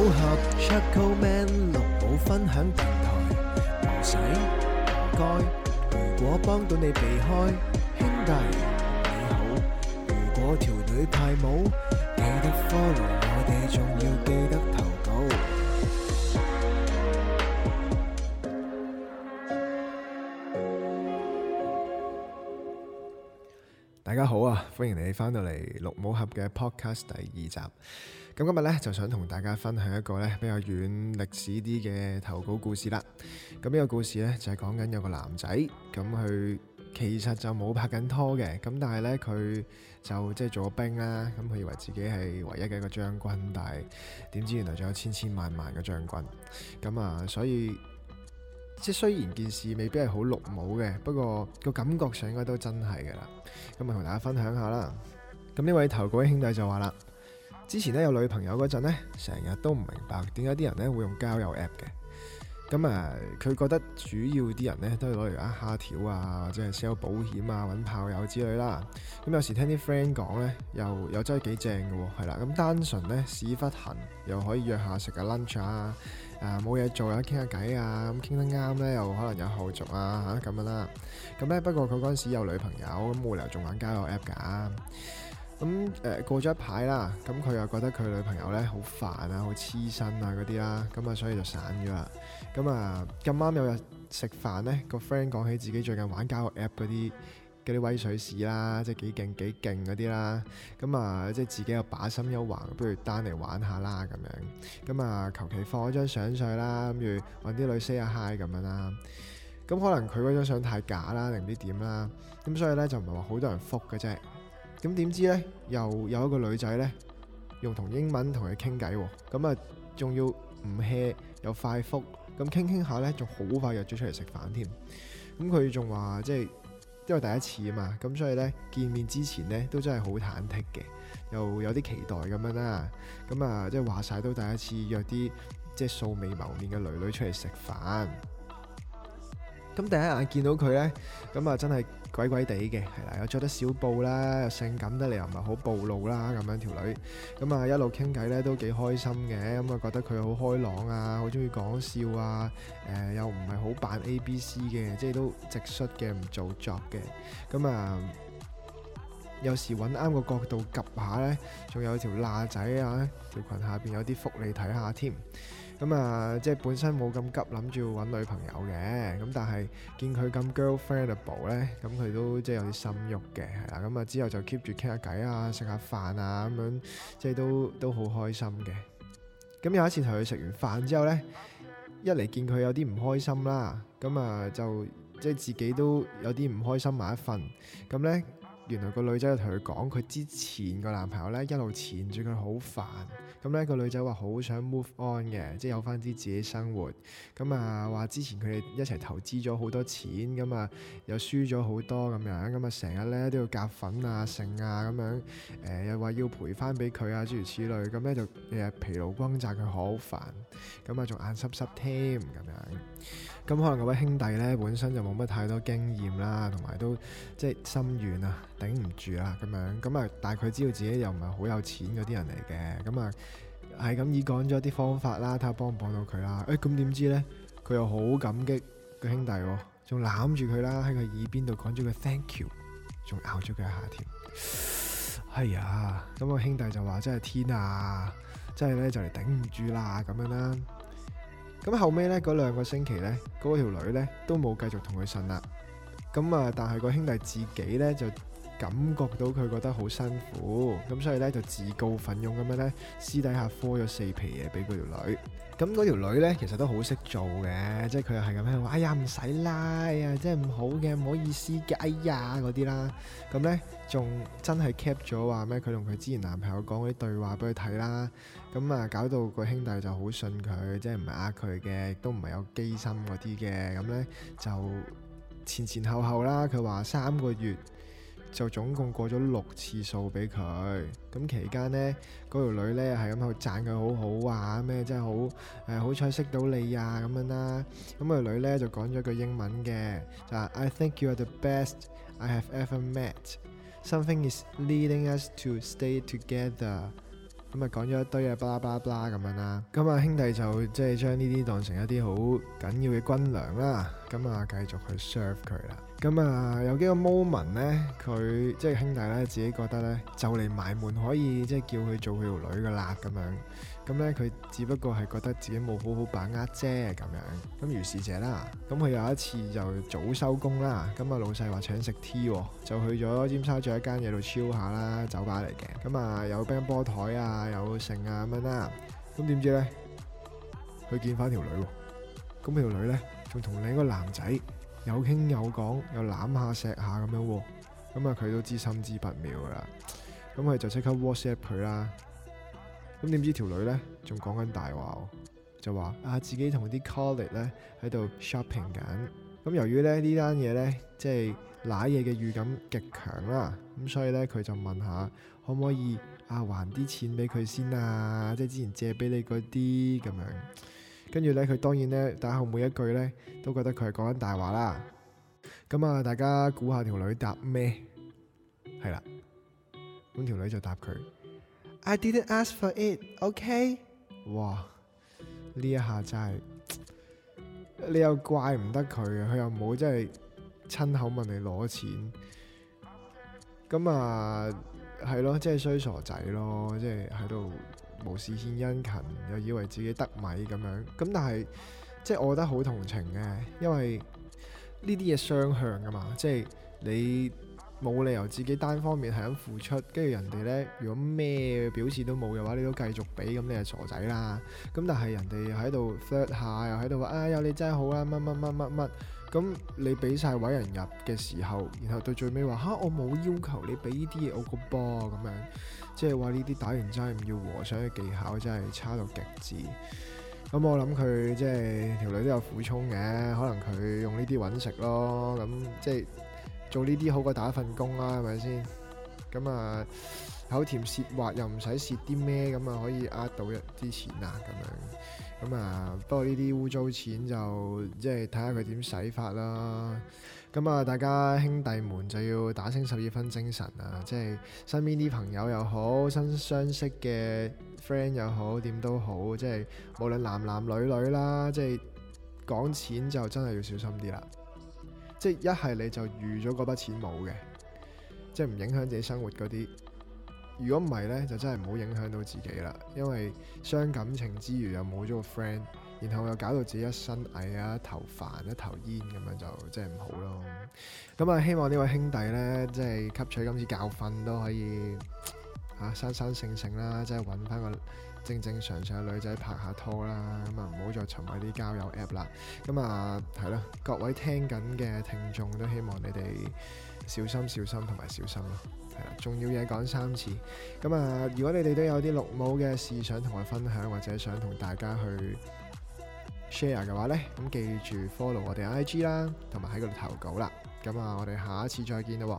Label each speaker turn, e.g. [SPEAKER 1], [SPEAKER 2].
[SPEAKER 1] 好合 Cuckold Man 綠帽分享平台，唔使唔該。如果幫到你避開兄弟你好。如果條女太舞，記得 follow 我哋，仲要記得投稿。大家好啊，歡迎你返到嚟《綠帽俠》嘅 podcast 第二集。咁今日呢，就想同大家分享一個呢比較遠歷史啲嘅投稿故事啦。咁、這、呢個故事呢，就係講緊有個男仔，咁佢其實就冇拍緊拖嘅，咁但係呢，佢就即係做咗兵啦。咁佢以為自己係唯一嘅一個將軍，但係點知原來仲有千千萬萬嘅將軍。咁啊，所以。即雖然件事未必係好綠帽嘅，不過個感覺上應該都真係㗎喇。咁啊，同大家分享下啦。咁呢位投稿嘅兄弟就話喇，之前咧有女朋友嗰陣咧，成日都唔明白點解啲人咧會用交友 App 嘅。咁誒，佢覺得主要啲人咧都係攞嚟啊蝦條啊，或者係 sell 保險啊，揾炮友之類啦。咁有時聽啲 friend 講呢，又又真係幾正嘅喎，係啦。咁單純呢，屎忽痕，又可以約下食下 lunch 啊，冇嘢做啊傾下偈啊，咁、啊、傾得啱呢，又可能有後續啊嚇咁樣啦。咁、啊、呢、啊啊啊，不過佢嗰陣時有女朋友，咁冇理由仲玩交友 app 㗎、啊。咁誒、嗯呃、過咗一排啦，咁、嗯、佢又覺得佢女朋友咧好煩啊，好黐身啊嗰啲啦，咁、嗯、啊所以就散咗啦。咁啊咁啱有日食飯呢，個 friend 講起自己最近玩交友 app 嗰啲嗰啲威水士啦，即係幾勁幾勁嗰啲啦。咁、嗯、啊即係自己又把心一橫，不如單嚟玩下啦咁樣。咁啊求其放嗰張相上去啦，咁就揾啲女 say 下 hi 咁樣啦。咁、嗯、可能佢嗰張相太假啦，定唔知點啦。咁、嗯、所以咧就唔係話好多人覆嘅啫。咁點知呢？又有一個女仔呢，用同英文同佢傾偈喎。咁啊，仲、嗯、要唔 hea 又快覆咁傾傾下呢，仲好快約咗出嚟食飯添、啊。咁佢仲話即係因為第一次啊嘛，咁所以呢，見面之前呢，都真係好忐忑嘅，又有啲期待咁樣啦。咁啊，嗯、即係話晒都第一次約啲即係素未謀面嘅女女出嚟食飯。咁第一眼見到佢呢，咁啊真係鬼鬼地嘅，係啦，又着得少布啦，又性感得嚟又唔係好暴露啦，咁樣條女，咁啊一路傾偈呢都幾開心嘅，咁啊覺得佢好開朗啊，好中意講笑啊，呃、又唔係好扮 ABC 嘅，即係都直率嘅，唔做作嘅，咁啊有時揾啱個角度 𥄫 下呢，仲有條罅仔啊，條裙下邊有啲福利睇下添。咁啊，即係本身冇咁急，諗住要揾女朋友嘅。咁但係見佢咁 girlfriendable 呢，咁佢都即係有啲心喐嘅，係啦。咁啊之後就 keep 住傾下偈啊，食下飯啊，咁樣即係都都好開心嘅。咁有一次同佢食完飯之後呢，一嚟見佢有啲唔開心啦，咁啊就即係自己都有啲唔開心埋一份。咁呢。原來個女仔就同佢講，佢之前個男朋友呢一路纏住佢，好煩。咁呢個女仔話好想 move on 嘅，即係有翻啲自己生活。咁啊話之前佢哋一齊投資咗好多錢，咁啊又輸咗好多咁樣，咁啊成日呢都要夾份啊剩啊咁樣，誒、呃、又話要賠翻俾佢啊諸如此類，咁呢就日、呃、疲勞轟炸佢，好煩。咁啊仲眼濕濕添，咁樣。咁可能嗰位兄弟咧本身就冇乜太多經驗啦，同埋都即係心軟啊，頂唔住啦咁樣。咁啊，但係佢知道自己又唔係好有錢嗰啲人嚟嘅。咁啊，係咁以講咗啲方法啦，睇下幫唔幫到佢啦。誒、哎，咁點知呢，佢又好感激個兄弟喎、啊，仲攬住佢啦，喺佢耳邊度講咗句 thank you，仲咬咗佢一下添。哎呀，咁個兄弟就話：真係天啊，真係呢，就嚟頂唔住啦咁樣啦。咁後尾咧，嗰兩個星期咧，嗰條女咧都冇繼續同佢呻啦。咁啊，但係個兄弟自己咧就感覺到佢覺得好辛苦，咁所以咧就自告奮勇咁樣咧，私底下科咗四皮嘢俾嗰條女。咁嗰條女呢，其實都好識做嘅，即係佢又係咁樣話：哎呀唔使啦，哎呀真係唔好嘅，唔好意思嘅，哎呀嗰啲啦。咁呢，仲真係 cap 咗話咩？佢同佢之前男朋友講嗰啲對話俾佢睇啦。咁啊搞到個兄弟就好信佢，即係唔係呃佢嘅，都唔係有機心嗰啲嘅。咁呢，就前前後後啦，佢話三個月。就總共過咗六次數俾佢，咁期間呢，嗰、那、條、個、女咧係咁去讚佢好好啊咩，真係、呃、好誒好彩識到你啊咁樣啦、啊。咁、那、條、個、女呢就講咗句英文嘅，就係、是、I think you are the best I have ever met. Something is leading us to stay together。咁啊講咗一堆嘢、啊，巴拉巴拉咁樣啦、啊。咁啊兄弟就即係將呢啲當成一啲好緊要嘅軍糧啦。咁啊，繼續去 serve 佢啦。咁啊，有幾個 moment 呢，佢即係兄弟咧，自己覺得呢，就嚟埋門，可以即係叫佢做佢條女噶啦咁樣。咁呢，佢只不過係覺得自己冇好好把握啫咁樣。咁如是者啦，咁佢有一次就早收工啦。咁啊，老細話請食 tea，哦，就去咗尖沙咀一間嘢度 chill 下啦，酒吧嚟嘅。咁啊，有乒乓波枱啊，有剩啊咁樣啦。咁點知呢？佢見翻條女，咁條女呢？仲同另一個男仔有傾有講，又攬下錫下咁樣喎，咁啊佢都知心知不妙啦，咁佢就即刻 WhatsApp 佢啦。咁點知條女呢？仲講緊大話，就話啊自己同啲 colleague 呢喺度 shopping 緊，咁由於咧呢單嘢呢，即係瀨嘢嘅預感極強啦，咁所以呢，佢就問下可唔可以啊還啲錢俾佢先啊，即係之前借俾你嗰啲咁樣。跟住咧，佢當然咧，打後每一句咧都覺得佢係講緊大話啦。咁、嗯、啊，大家估下條女答咩？係啦，咁條女就答佢：I didn't ask for it okay?OK。哇！呢一下真係你又怪唔得佢，佢又冇真係親口問你攞錢。咁啊，係咯，即係衰傻仔咯，即係喺度。無事獻殷勤，又以為自己得米咁樣，咁但係即係我覺得好同情嘅，因為呢啲嘢雙向噶嘛，即係你冇理由自己單方面係咁付出，跟住人哋呢，如果咩表示都冇嘅話，你都繼續俾，咁你係傻仔啦。咁但係人哋喺度 flirt 下，又喺度話啊，有你真係好啦，乜乜乜乜乜。咁你俾晒委人入嘅時候，然後到最尾話吓，我冇要求你俾呢啲嘢我個波啊咁樣，即係話呢啲打完齋唔要和尚嘅技巧真係差到極致。咁、嗯、我諗佢即係條女都有苦衷嘅，可能佢用呢啲揾食咯。咁、嗯、即係做呢啲好過打一份工啦、啊，係咪先？咁啊，口甜舌滑又唔使蝕啲咩，咁啊可以呃到一啲錢啊，咁樣。咁啊，不過呢啲污糟錢就即係睇下佢點使法啦。咁啊，大家兄弟們就要打醒十二分精神啊！即係身邊啲朋友又好，新相識嘅 friend 又好，點都好，即係無論男男女女啦，即係講錢就真係要小心啲啦。即係一係你就預咗嗰筆錢冇嘅。即係唔影響自己生活嗰啲，如果唔係呢，就真係唔好影響到自己啦，因為傷感情之餘又冇咗個 friend，然後又搞到自己一身蟻啊、一頭煩、一頭煙咁樣就真係唔好咯。咁啊，希望呢位兄弟呢，即係吸取今次教訓，都可以啊、啊、生生性性啦，即係揾翻個。正正常常女仔拍下拖啦，咁啊唔好再沉迷啲交友 app 啦。咁啊係啦，各位聽緊嘅聽眾都希望你哋小心小心同埋小心咯。係啦，重要嘢講三次。咁啊，如果你哋都有啲綠帽嘅事想同我分享，或者想同大家去 share 嘅話呢，咁記住 follow 我哋 IG 啦，同埋喺度投稿啦。咁啊，我哋下一次再見啦！